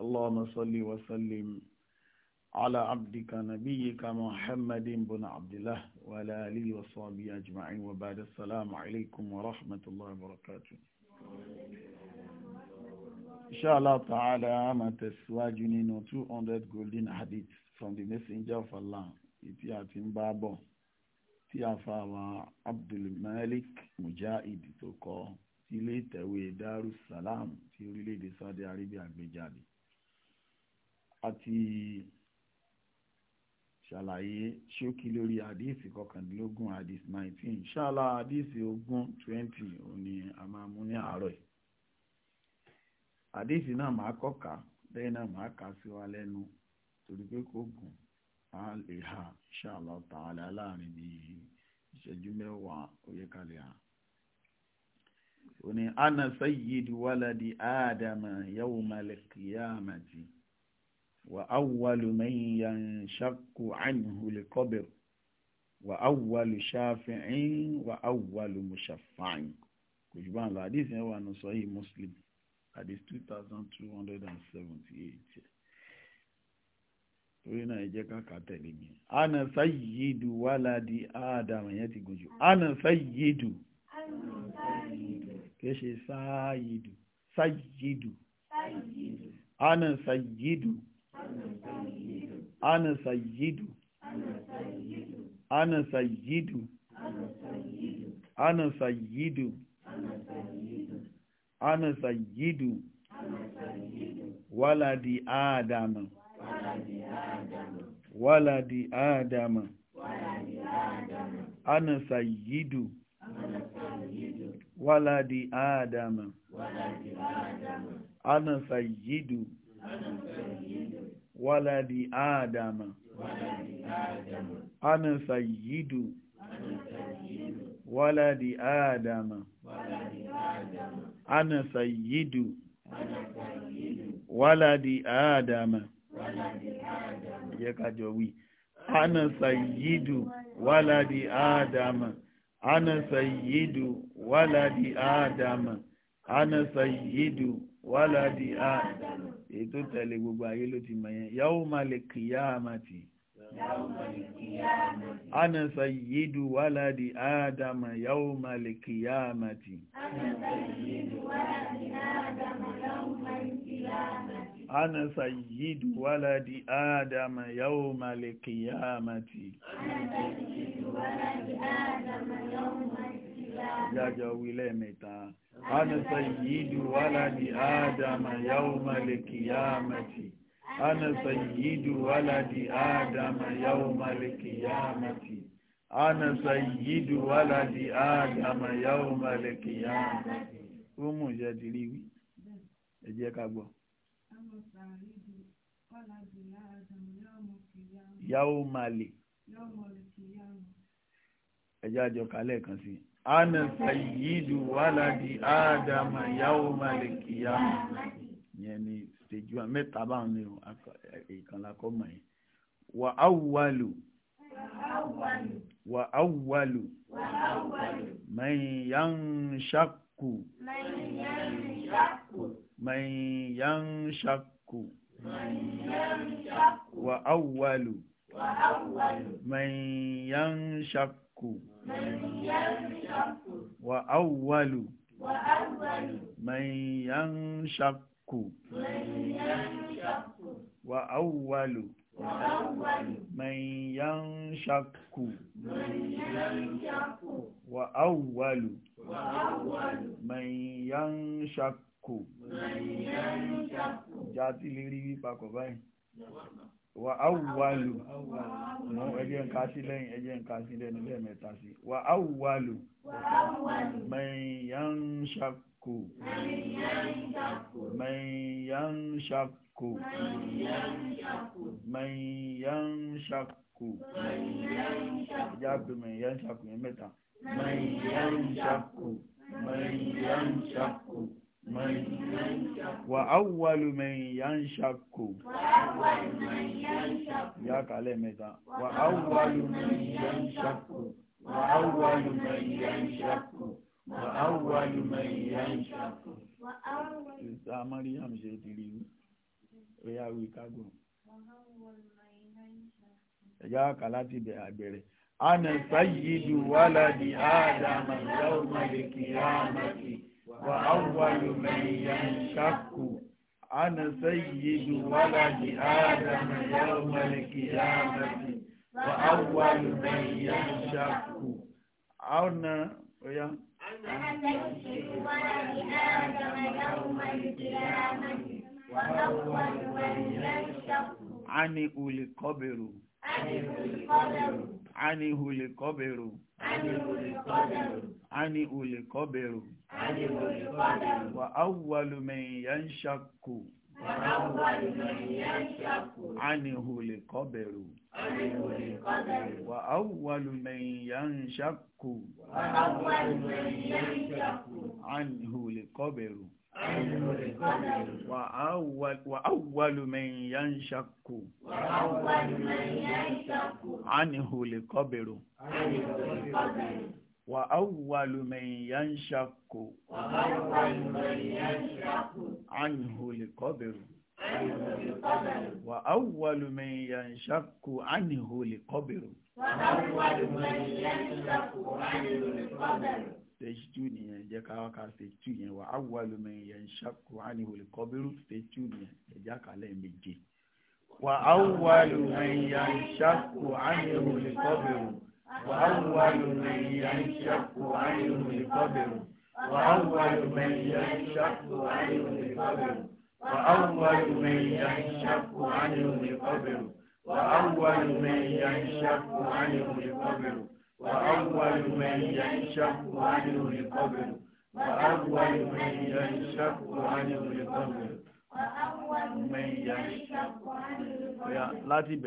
اللهم صل وسلم على عبدك نبيك محمد بن عبد الله وعلى آله وصحبه أجمعين وبعد السلام عليكم ورحمة الله وبركاته إن شاء الله تعالى ما تسواجني 200 golden hadith from the messenger of Allah ìtí àti ń bá bọ̀ tí a fa àwọn Abdulmalik Mujahid tó kọ ilé ìtẹ̀wé Darussalam ti orílẹ̀-èdè Saudi Arabia gbé jáde àti ṣàlàyé ṣókí lórí àdíìsì kọkàndínlógún àdíìsì nineteen ṣáàlà àdíìsì ogún twenty òní a máa mú ní àárọ̀ yìí àdíìsì náà máa kọ́ka lẹ́yìn náà máa kà sí wa lẹ́nu torí pé kò gùn á lè ha ṣáàlà tààlà láàrin bí ìṣẹ́jú mẹ́wàá ó yẹ ha òní ana sayyid waladi adama yawmal وأول من ينشق عنه القبر وأول شافع وأول مشفع كجبان الحديث هو أن صحيح مسلم حديث 2278 torí náà ẹjẹ́ káka tẹ̀lé mi ana sayyidu waladi adam ẹ̀yẹ́ ti gùn jù ana sayyidu kìí ṣe sáàyìdù sáàyìdù ana sayyidu ana sayyidu ana sayyidu ana sayyidu ana sayyidu waladi adama waladi adama ana sayyidu waladi adama ana sayyidu waladi adama ana sayyidu waladi adama ana sayyidu waladi adama yẹ kájọ wí ana sayyidu waladi adama ana sayyidu waladi adama ana sayyidu wàládì ádámù èyí tó tẹ̀lé gbogbo ayé ló ti mọ̀ yẹn yawma likiyamati ana sayyidu wàládì ádámù yawma likiyamati ana sayyidu wàládì ádámù yawma likiyamati jájọ wí lẹ́ẹ̀mẹ́ta. أنا سيد ولد آدم يوم القيامة أنا سيد ولد آدم يوم القيامة أنا سيد ولد آدم يوم القيامة Umu jadiri wi. Ẹ jẹ́ ká gbọ́. Yawmali. Ẹ àjọ kalẹ̀ kan sí i ana sayyidu waladi adama yawma likiyama yẹn ni stage one mẹ́ta báwọn ni ìkànlákọ́ mọ̀ yẹn wà áwùwálù wà áwùwálù man yanshakku man yanshakku wà áwùwálù man yanshakku. وأول من ينشق وأول من ينشق وأول من ينشق jáde lè rí wípakọ̀ báyìí wà áwùwálù mú ẹjẹ́ ń ká sí lẹ́yìn ẹjẹ́ ń ká sí lẹ́nu lẹ́ẹ̀mẹ́ta sí wà áwùwálù mẹ̀yánṣàkò mẹ̀yánṣàkò mẹ̀yánṣàkò ẹjẹ́ àgbẹ̀ mẹ̀yánṣàkò yẹn mẹ́ta mẹ̀yánṣàkò mẹ̀yánṣàkò wà áwùwàlù mẹ́yìn yà ń ṣàkó yà kàlẹ̀ mẹ́ta wà áwùwàlù mẹ́yìn yà ń ṣàkó wà áwùwàlù mẹ́yìn yà ń ṣàkó wà áwùwàlù mẹ́yìn yà ń ṣàkó. ìsá mariam ṣe ti rí ríà wí kágùn yà kàlá ti bẹ̀rẹ̀ àgbẹ̀rẹ̀ ana sayyidu waladi adama yawma likiyamati وأول من ينشق أنا سيد ولد آدم يوم القيامة وأول من ينشق أنا ويا أنا سيد ولد آدم يوم القيامة وأول من ينشق عن أولي قبر عن أولي قبر عن أولي قبر ani olùkọ́bẹ̀rù wà áwùwàlùmẹ̀yìn yà ń ṣàkó ani olùkọ́bẹ̀rù wà áwùwàlùmẹ̀yìn yà ani ani Wa وأول من ينشق عنه القبر وأول من ينشق عنه القبر وأول من ينشق عنه القبر stage two nìyẹn jẹ́ ká wákà stage two yẹn wà áwùwàlú mẹ́rin yẹn ṣàkó ánìwòlè kọ́bírú stage two yẹn ẹ̀já kàlẹ́ méje wà Wa mẹ́rin yẹn ṣàkó ánìwòlè kọ́bírú. a aawụarọ mehe ii pụ anyịerepaberụ ga awụayị meehe ii ụ ayawerepaberụ gwa awụarị ehe ichi ụ aịrpaberụ gba awụar mehe ii aụụ anya nwere paụ yaladb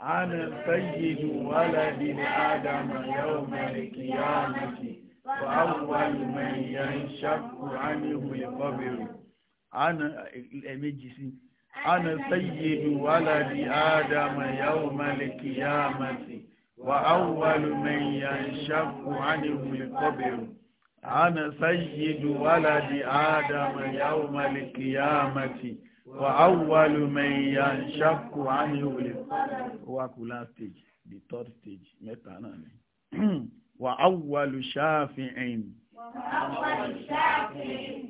أنا سيد ولد آدم يوم القيامة فأول من ينشق عنه القبر أنا المجلس أنا سيد ولد آدم يوم القيامة وأول من ينشق عنه القبر أنا سيد ولد آدم يوم القيامة وأول من ينشق عنه وكل stage the third stage mẹ́ta náà ni وأول شافع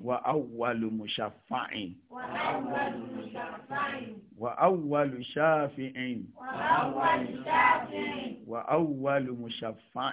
وأول مشفع وأول شافع وأول مشفع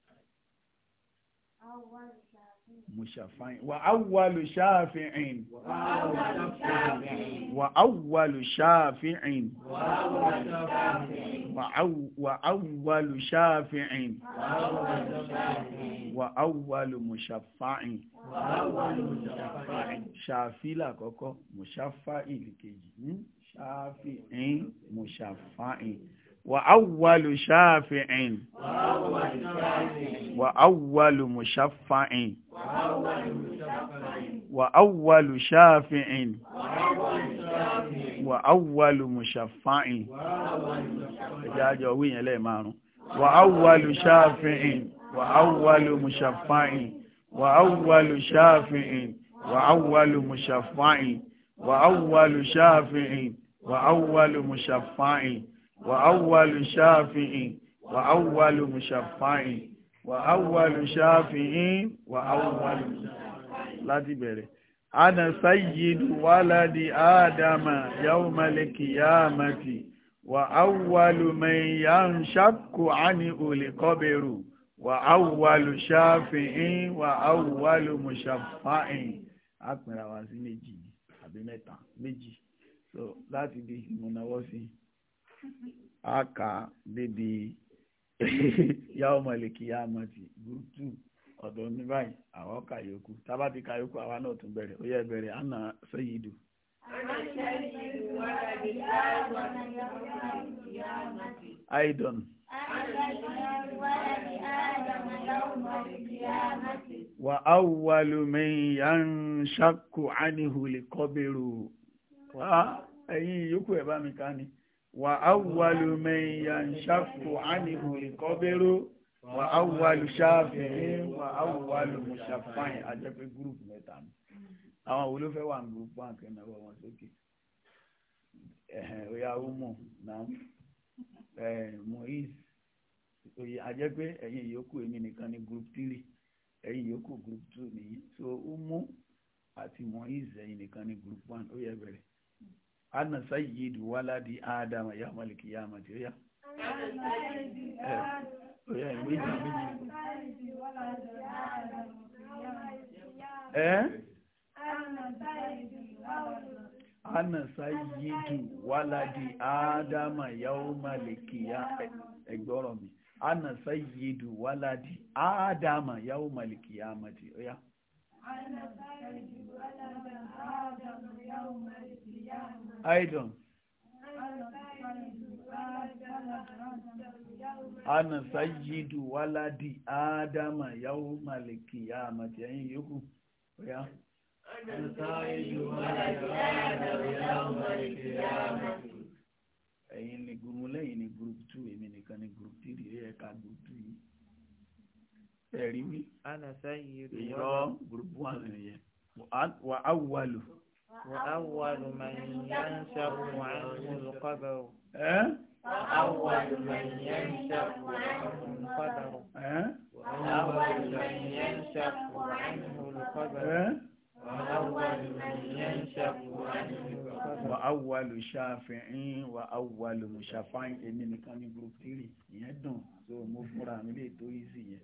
mushafain wa awwalu shafi'in wa awwalu shafi'in wa awwalu shafi'in wa awwalu mushafain shafi lákọ̀ọ́kọ́ mushafain kejì hmm? shafi'in mushafain. وأول شافع وأول مشفع وأول شافع وأول مشفع ìjájọ wíyàn lẹ́ẹ̀márùn وأول شافع وأول مشفع وأول شافع وأول مشفع وأول شافع وأول مشفع وأول شافع وأول مشفع وأول شافع وأول لا تبري أنا سيد ولد آدم يوم القيامة وأول من ينشق عنه القبر وأول شافع وأول مشفع أكمل واسي méjì àbí mẹ́ta méjì so láti bí ìmúnáwọ́sí a kà ya débi yàwó mọ̀lẹ́kì yá mọ̀ sí group two ọ̀dọ̀ ní báyìí àwọn kà yòókù tábà ti A na àwa náà tún Aidon. Wa awwalu min yanshakku anhu likobru. Wá ẹ̀yin yòókù ẹ̀ mi ká wa وأول من ينشف عنه wa وأول شافع وأول مشفع أجاب الجروب ميتان àwọn wo ló fẹ́ wà wa group one na náà wọ́n sókè oya umu naam mohiz oye ajẹ́ pé ẹ̀yin ìyókù èmi nìkan ní group group so umu ati mohiz ẹ̀yin nìkan ní group one ó yẹ ana sayyidu waladi adama ya maliki ya mati ya ọ̀yá eh, ìwé ìjà méjì ẹ́ eh? ana sayyidu waladi adama ya maliki ya ẹgbọ́rọ̀ mi ana sayyidu waladi adama ya maliki ya mati ọ̀yá. Yeah. aidon ana سيد waladi آدم yauma القيامة أين يكون ويا أنا سيد ولد آدم يوم القيامة ẹ̀yin ni gúrúmúlẹ̀ yìí ni group two èmi nìkan ni group three ka group two ẹ̀rí wí ìrọ̀ gúrùpù wà nìyẹn wà á wàlù. wà á wàlù màá yá ń ṣàbù wà á wàlù kọ́bẹ̀ o. وأول من ينشأ عنه القدر وأول من ينشأ عنه القدر wàáwàlù ṣàfihàn wàáwàlù ṣàfihàn èmi nìkan ní group three ìyẹn dùn so mo fúnra mi lè tó yìí sí yẹn.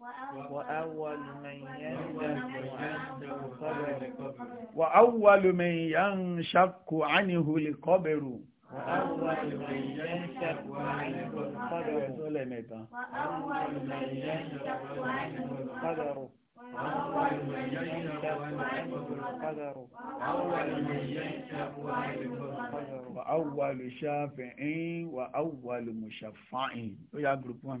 وأول من ينشق عنه القبر وأول من ينشق عنه القبر وأول من ينشق عنه القبر أول من ينشأ عنه القدر أول من وأول شافع وأول مشفع يا جروب 1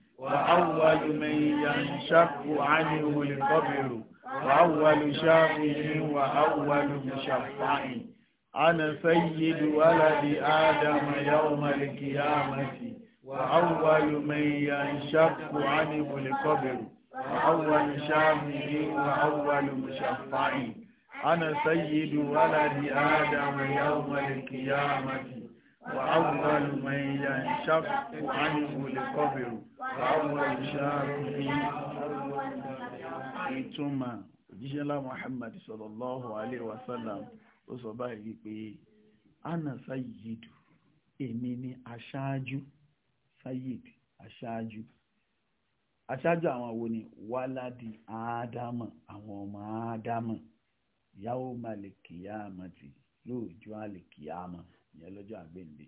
وأول من ينشق عنه القبر وأول شافع وأول مشفع أنا سيد ولد آدم يوم القيامة وأول من ينشق عنه القبر وأول شافع وأول مشفع أنا سيد ولد آدم يوم القيامة وأول من ينشق عنه القبر وأول شافعي ìtumọ̀ òjíṣẹ́ ńlá Muhammad sallallahu alayhi wa sallam ó sọ ana sayyidu èmi ni aṣáájú sayyid aṣáájú aṣáájú àwọn wo ni wáládì ádámà ìyẹn lọ́jọ́ àgbéǹde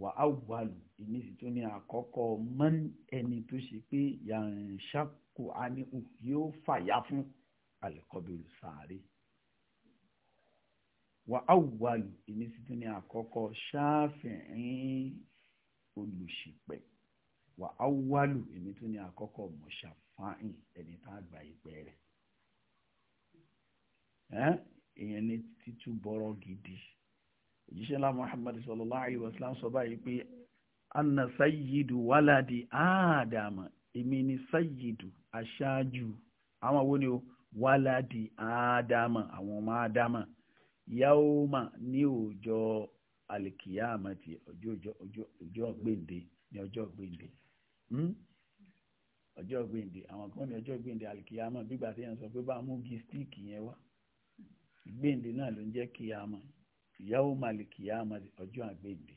wà á wàlù ìmí sì tún ní àkọ́kọ́ mọ́n ẹni tó ṣe pé yànṣákò ánìkù yóò fàyà fún àlẹ́kọ́bìrì sàárè wà á wàlù ìmí sì tún ní àkọ́kọ́ ṣáfìrín olùṣìpẹ̀ wà á wàlù ìmí tún ní àkọ́kọ́ mọ̀ṣàfáìn ẹni tá a gbà ìpẹ́ rẹ̀ ìyẹn ní títú bọ́rọ̀ gidi òjíṣẹ́ ńlá muhammad sallallahu alayhi wa sallam sọ báyìí pé anna sayyidu waladi ádámà èmi ni sayyidu aṣáájú àwọn wo ni o waladi ádámà àwọn ọmọ ádámà yaoma ní ọjọ́ alikiyama ti ọjọ́ ọjọ́ ọjọ́ gbèǹde ní ọjọ́ gbèǹde hmm? ọjọ́ gbèǹde àwọn kan ní ọjọ́ gbèǹde alikiyama bí gbàtẹ́yàn sọ pé bá mú gi stíìkì yẹn wá gbèǹde náà ló ń jẹ́ kíyama yawma alikiyama ọjọ́ àgbèǹde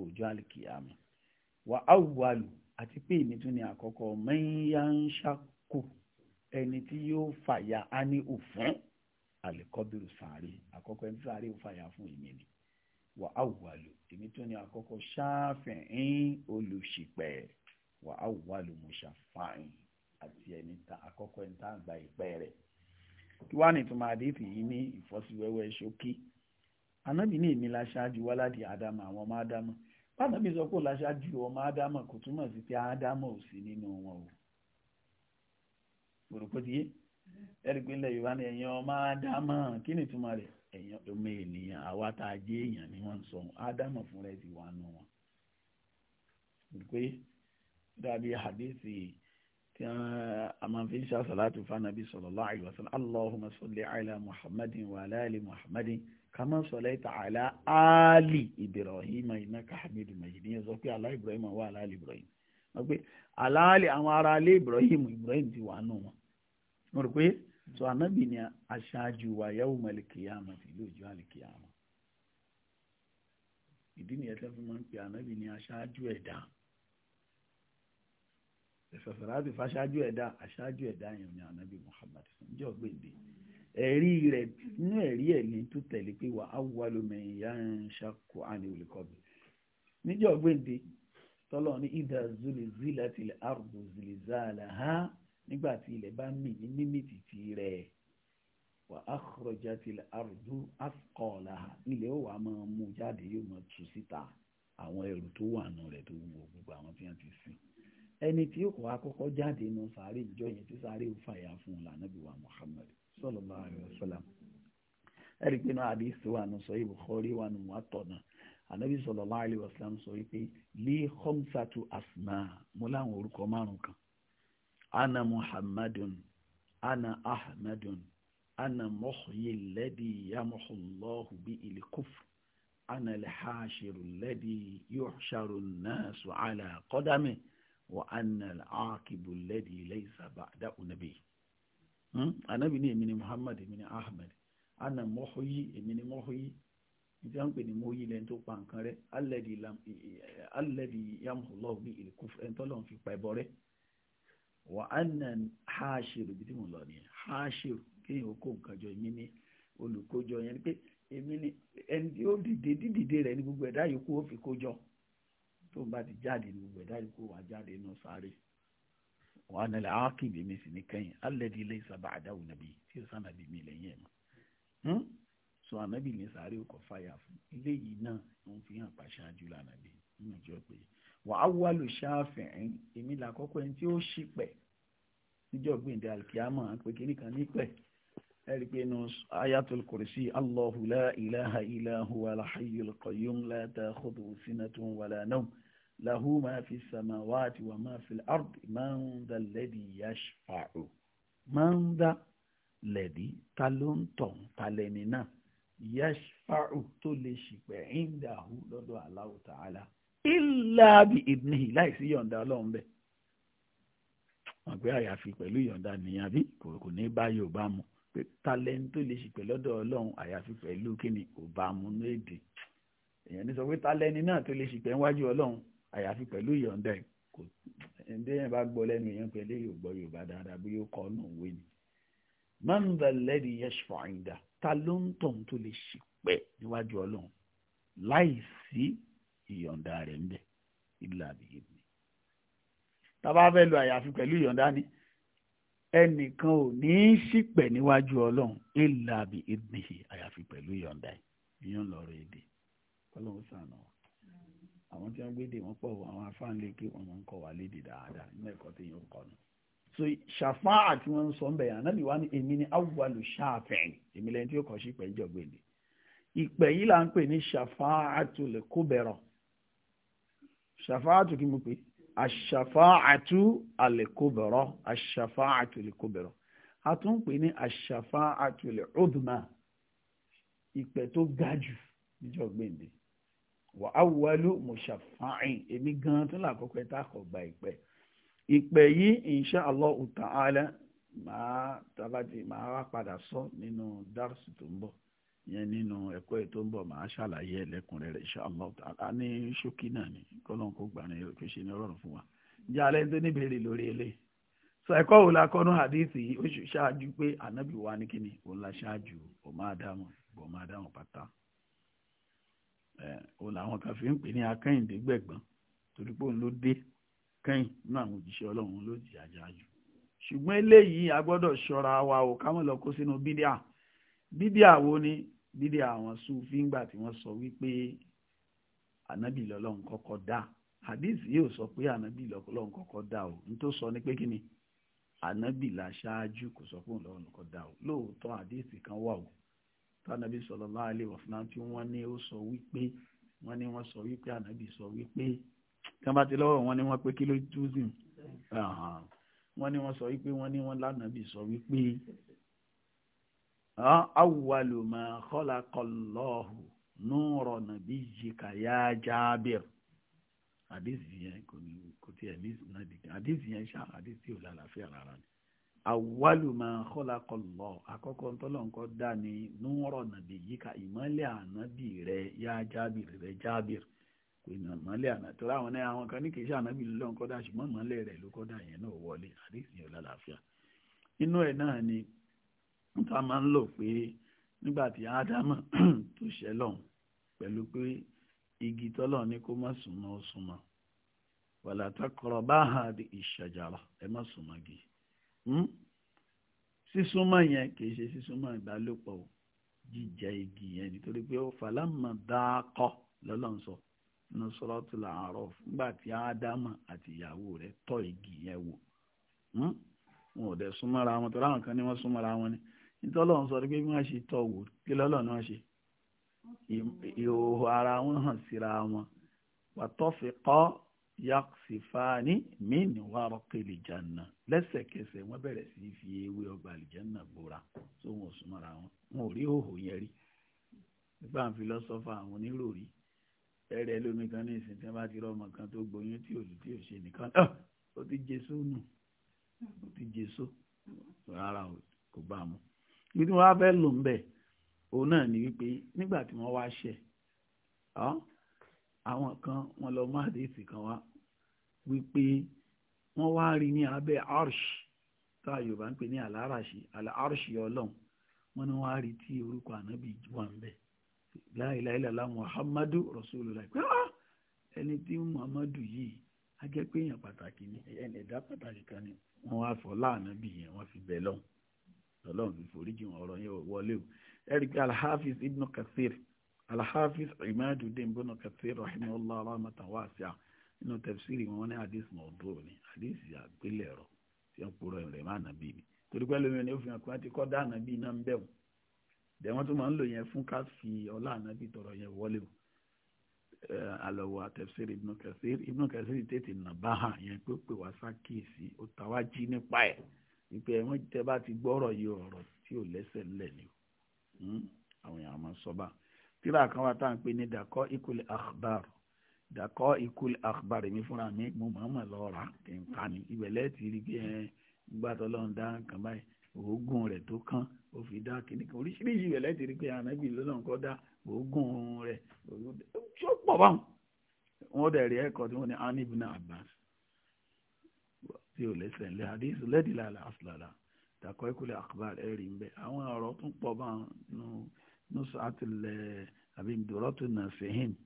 ọjọ́ alikiyama wà áwùwalù àti pé èmi tún ni àkọ́kọ́ mẹ́yánṣákù ẹni tí yóò fàyà á ní òfún alikọ́bìrì sàárè àkọ́kọ́ ẹni tí sàárè ò fàyà fún èmi ni wà áwùwalù èmi tún ni àkọ́kọ́ ṣáfẹ̀ẹ́n olùṣìpẹ̀ wà áwùwalù mùṣàfàìn àti ẹni tá àkọ́kọ́ ẹni tá àgbà ìpẹ́ rẹ̀ kí wàá nìtúmọ̀ àdéhùn yìí ní ìfọ́síwẹ́wẹ́ ṣókí anábì ní èmi láṣáájú wá láti ádámà àwọn ọmọ ádámà bánábì sọ pé láṣáájú ọmọ ádámà kò túmọ̀ sí pé ádámà ò sí nínú wọn o gbòròpótìyé ẹ̀rí pé ilẹ̀ yorùbá ni ẹ̀yin ọmọ ádámà kí ni túmọ̀ rẹ̀ ẹ̀yin ọmọ ènìyàn àwa tá a jẹ́ èèyàn ni wọ́n ń sọ ádámà fúnra ẹ̀ ti wà nù wọn pé dàbí hadithi tí a máa fi ń ṣàṣàlátù fanabi sallallahu alaihi wasallam allahumma salli ala muhammadin wa ala ali kama sọlẹ́ta àlá áàlì Ibrahim ìnáka hamidu majid yẹn sọ pé àlá Ibrahim wà àlá Ibrahim wọ́n pé àlá àlè àwọn ará alé Ibrahim Ibrahim ti wà nù wọn mo rò pé sọ anábì ni aṣáájú wa yawma al-qiyama ti lójú al-qiyama ìdí nìyẹn tẹ́ fi máa ń pè anábì ni aṣáájú ẹ̀dá ìfẹ̀fẹ̀rẹ́ àti fàṣáájú ẹ̀dá aṣáájú ẹ̀dá yẹn ni anábì Muhammad ǹjọ́ gbèǹde ẹ̀rí rẹ̀ nínú ẹ̀rí ẹ̀ ní tó tẹ̀lé pé wà á wà lómìn ìyá ń ṣàkó àní olùkọ́bì níjọ́ gbèǹde tọ́lọ́ ní ìdá zuli zila ti lè arùbù zili zala ha nígbà tí ilẹ̀ bá mì ní mímì títí rẹ̀ wà á kọjá ti lè arùbù afkọ́ọ̀la ha ilẹ̀ ó wà á máa mú jáde yóò máa tú síta àwọn ẹrù tó wà nù rẹ̀ tó wúwo gbogbo àwọn tí wọ́n ti sìn ẹni tí yóò kọ́ akọ́kọ́ jáde nù sáré ìjọ yẹn tí sáré ń fàyà fún un lànà bí wà Muhammad sallallahu alaihi wasallam ẹ̀rí pé náà àdìsí wà nù sọ Bukhari wà nù wà tọ̀nà ànábì sallallahu alaihi wasallam sọ wípé lí khamsatu asma mo láwọn orúkọ márùn kan ana muhammadun ana ahmadun ana muhyi alladhi yamhu Allahu bihi al-kufr ana al-hashiru alladhi yuhsharu an-nasu ala qadami wa ana al-aqibu alladhi laysa ba'dahu nabiy anabi hmm? ní èmi ni muhammad èmi ni ahmed ana mọ́hóyí èmi ni mọ́hóyí ìdí à ń pè ní mọ́hóyí lẹ́ni tó pa nǹkan rẹ alẹ́dì yamhullahu bí ìlúkúfù ẹni tọ́lọ́ fi pa ẹbọ rẹ wà á nà haṣiru ibi tí mo lọ nìyẹn haṣiru kéèyàn ó kó nǹkan jọ èmi ni olùkójọ yẹn ni pé èmi ni ẹni tí ó dìde dídìde rẹ ní fi kójọ tó ń bá ti jáde ní gbogbo ẹ̀dá yòókù wà jáde nù sáré wàá nílẹ̀ áàkì bí mi sì ní kẹ́yìn alẹ́dí ilé ìsàbà àdáwò nàbí tí ó sànà bí mi lẹ́yìn ẹ̀ mọ́ hmm? so ànábì ní sàárè ọkọ̀ fàyà fún ilé yìí náà ń fi hàn pàṣáájú lànàbí nínú ìjọ pé wàá wà lò ṣáàfihàn èmi làkọ́kọ́ ẹni tí ó ṣìpẹ̀ níjọ́ gbìndé alkiyama pé kíní kan nípẹ̀ ẹ̀rí pé inú ayatul kùrìsì Allahu la ilaha illa huwa al hayyul qayyum la ta'khudhuhu sinatun wala nawm lahu máa fi samawati wa máa fi ardi máa ń da lẹ́dí yashfa'u máa ń da lẹ́dí ta ló ń tàn talẹ́ni náà yashfa'u tó lè ṣìpẹ̀ indahu lọ́dọ̀ Allah ta'ala illa bi idnihi láìsí yọ̀ǹda ọlọ́run bẹ́ẹ̀ wọn pé àyàfi pẹ̀lú yọ̀ǹda nìyàn bí kò ní bá yóò mu pé talent tó lè ṣìpẹ̀ lọ́dọ̀ ọlọ́run àyàfi pẹ̀lú kíni kò bá mu ní èdè èèyàn ní sọ pé talent náà tó lè ṣìpẹ̀ níwájú ọlọ́run àyàfi pẹ̀lú ìyọ̀ǹda ẹ̀ kò ẹ̀ǹdẹ́yìn bá gbọ́ lẹ́nu yẹn pẹ̀lú yóò gbọ́ Yorùbá dáadáa bí yóò kọ́ ọ̀nà òwe ni mọ́ńdà lẹ́dí yẹ́sùfà ìdá ta ló ń tọ̀ tó lè ṣìpẹ̀ níwájú Ọlọ́run láì ìyọ̀ǹda rẹ̀ ń ìlà àbíyèmí tábà fẹ́ lu àyàfi pẹ̀lú ìyọ̀ǹda ni ẹnìkan ò ní í ṣìpẹ̀ níwájú Ọlọ́run ìlà àbíyèmí àyàfi pẹ̀lú ìyọ̀ǹda yìí ìyọ̀ǹda ọ̀rọ̀ èdè Ọlọ́run sànù wọn àwọn tí wọ́n gbédè wọ́n pọ̀ àwọn afáǹlé kí wọ́n máa ń kọ́ wa lédè dáadáa nínú ẹ̀kọ́ tí yóò kọ́ nu. so ṣàfà àti wọn sọ ń bẹ̀yà náà wá ní èmi ni awùwalù ṣáàfẹ̀ẹ́n èmi lẹ́yìn tí ó kọ́ sí ìpẹ́ ìjọ̀gbẹ̀lẹ̀ ìpẹ́ yìí là ń pè ní ṣàfà àtúlẹ̀ kóbẹ̀rọ̀ ṣàfà àtú kí mo pè àṣàfà àtú àlẹ̀ kóbẹ̀rọ̀ àṣàfà àtúlẹ̀ kóbẹ̀rọ̀ a tún pè ní àṣàfà àtúlẹ̀ ọdùnmá ìpẹ́ tó ga jù níjọ̀gbẹ̀lẹ̀ wà á wọlú mùsàfáìn èmi gan tún làkọ́kọ́ ẹ̀ tá a kọ̀ gba ìpẹ́ ìpẹ́ yìí insha Allah ta'ala màá tabati màá wá padà sọ nínú dárúsì tó ń bọ̀ yẹn nínú ẹ̀kọ́ ètò ń bọ̀ màá ṣàlàyé ẹlẹ́kùnrẹ́rẹ́ insha Allah ta'ala ní ṣókí náà ni kọ́lọ́n kó gbà ní kó ṣe ní ọlọ́run fún wa ǹjẹ́ alẹ́ tó níbèrè lórí eléyìí sọ ẹ̀kọ́ wo la kọ́nú yìí ó ṣáájú pé ànábì wa ní kíni òun la ṣáájú òun máa dáhùn òun máa dáhùn pátá òun làwọn kan fi ń pè ní akẹ́yìndé gbẹ̀gbọ́n torí pé òun ló dé kẹ́yìn nínú àwọn òjíṣẹ́ ọlọ́run ló jìyà jáàjù ṣùgbọ́n eléyìí a gbọ́dọ̀ ṣọ́ra wa o ká má lọ kó sínú bídíà bídíà wo ni bídíà àwọn Sufi ńgbà tí wọ́n sọ wípé ànábì lọ́lọ́run kọ́kọ́ dá hadith yóò sọ pé ànábì lọ́lọ́run kọ́kọ́ dá o n tó sọ ni pé kí ni ànábì la kò sọ pé òun lọ́run kọ́kọ́ dá o lóòótọ́ hadith kan wà o tánàbí sallallahu alaihi wasallam tí wọ́n ní ó sọ wípé wọ́n ní wọ́n sọ wípé ànábì sọ wípé tí wọ́n bá ti lọ́wọ́ wọ́n ní wọ́n pé kí ló túzìm wọ́n ní wọ́n sọ wípé wọ́n ní wọ́n lánàbì sọ wípé awwalu ma khalaqallahu nura nabiyyika ya Jabir àdìsí yẹn kò ní kò tí ẹ̀ ní àdìsí yẹn ṣá àdìsí ò lálàáfíà rárá ni awaluma kọlakọlọ àkọ́kọ́ ntọlọnkọ dani nuwọrọ nabi yi ka ìmọ́lẹ̀ anabi rẹ̀ ya jaabir rẹ̀ jaabir kò ìmọ́lẹ̀ anabi tó láwọn náà àwọn kan ní kìí ṣe anabi lọlọ nkọ dá ṣùgbọ́n ìmọ́lẹ̀ rẹ̀ ló kọ dá yẹn náà wọlé àdéhùn yẹn lálàáfíà inú ẹ̀ náà ni nta máa ń lò pé nígbà tí ádámà tó ṣẹ̀ lọ́hùn pẹ̀lú pé igi tọlọ ni kó má súnmọ́ súnmọ́ wàlàtà kọrọ bá hàn ìṣàjàrà ẹ má súnmọ́ gidi Hmm? sísúnmọ́ yẹn kì í ṣe sísúnmọ́ ìbálòpọ̀ o jíjẹ igi yẹn nítorí pé ó falámà dáàkọ́ lọ́lọ́run sọ nínú Suratul tí ádámà àti ìyàwó rẹ̀ tọ́ igi yẹn wò hmm? wọn ò súnmọ́ra wọn kan ní wọ́n súnmọ́ra wọn ni nítorí Ọlọ́run pé bí wọ́n ṣe tọ́ wò kí ṣe ìhòòhò ara wọn hàn síra wọn kọ́ mí lẹ́sẹ̀kẹsẹ̀ wọ́n bẹ̀rẹ̀ sí fi ewé ọgbà àlìjẹ́nà bora tó wọn sùn mọ́ra wọn wọn ò rí òhò yẹn rí nígbà àwọn fìlọ́sọ́fà àwọn oníròrí ẹ̀rẹ̀ lómi kan ní ìsìn tí wọ́n bá ti rọ ọmọ kan tó gboyún tí òlù tí ò ṣe nìkan ah! ó ti jésù nù ó ti jésù rárá kò bá mu ibi tí wọ́n á lò ń bẹ̀ òun náà ni wípé nígbà tí wọ́n wá ṣẹ̀ ah! àwọn kan wọn lọ máa dé ìsìn kan wá wípé wọ́n wá rí ní abẹ́ arsh tá yorùbá ń pè ní aláràṣì aláràṣì ọlọ́run wọ́n ní wọ́n á rí tí orúkọ ànábì wà ń bẹ̀ la ilaha illallah muhammadu rasulullah pé ah, ẹni tí muhammadu yìí á jẹ́ pé èèyàn pàtàkì ni ẹni ẹ̀dá pàtàkì kan ni wọ́n wá fọ́ láànábì yẹn wọ́n fi bẹ̀ lọ́hùn lọ́lọ́run fi foríjì wọn ọ̀rọ̀ yẹn wọlé o ẹ̀rí pé alhafiz ibn kathir alhafiz imaduddin ibn kathir rahimahullah rahmatan wasi'a nínú tẹ̀síìrì wọn ní hadith mọ̀ọ́dọ́ ni hadith àgbélẹ̀rọ tí wọ́n purọ́ rẹ̀ má nàbí ni torí pẹ́ lómi ni ó fi hàn pé wọ́n ti kọ́ dá ànábì iná ń bẹ̀wò dẹ̀ wọ́n tún máa ń lò yẹn fún ká fi ọlá ànábì tọrọ yẹn wọlé o alọ́wọ́ àtẹ̀síìrì Ibn Kathir Ibn Kathir tètè nà bá hàn yẹn pé pé wá sákìsì ó ta wá jí nípa ẹ̀ wípé ẹ̀wọ̀n tẹ ni o hmm? àwọn èèyàn máa dàkọ́ ikú akpari mi fúnra mi mo máa ma lọ rà kí n kà ní ìbẹ̀lẹ̀ ti rí bí ẹ gbà tó lọ́n dá nǹkan báyìí oògùn rẹ̀ tó kán ó fi dá kíní kan oríṣiríṣi ìbẹ̀lẹ̀ ti rí pé ànábì lọ́nà kọ́ dá oògùn rẹ̀ tí ó pọ̀ báwọn wọ́n dẹ̀ rí ẹ̀kọ́ tí wọ́n ní ani ibn Abbas tí ò lẹ́sẹ̀ lé hadith lẹ́dìlá àṣìlára dàkọ́ ikú akpari ẹ̀rí ń bẹ àwọn ọ̀rọ̀ tún pọ̀ báwọn nù nù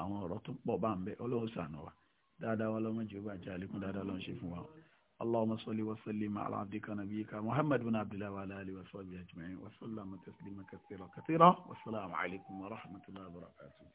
àwọn ọ̀rọ̀ tó pọ̀ bá ń bẹ ọlọ́run ṣàánú wa dáadáa wa lọ́mọ jù bá jẹ́ àlékún dáadáa lọ́n ṣe fún wa allahumma salli wa sallim ala abdika nabiyyika muhammad bin abdullahi wa ala wa sahbihi ajma'in wa sallama taslima kathira kathira wa salaamu alaykum wa rahmatullahi wa barakatuh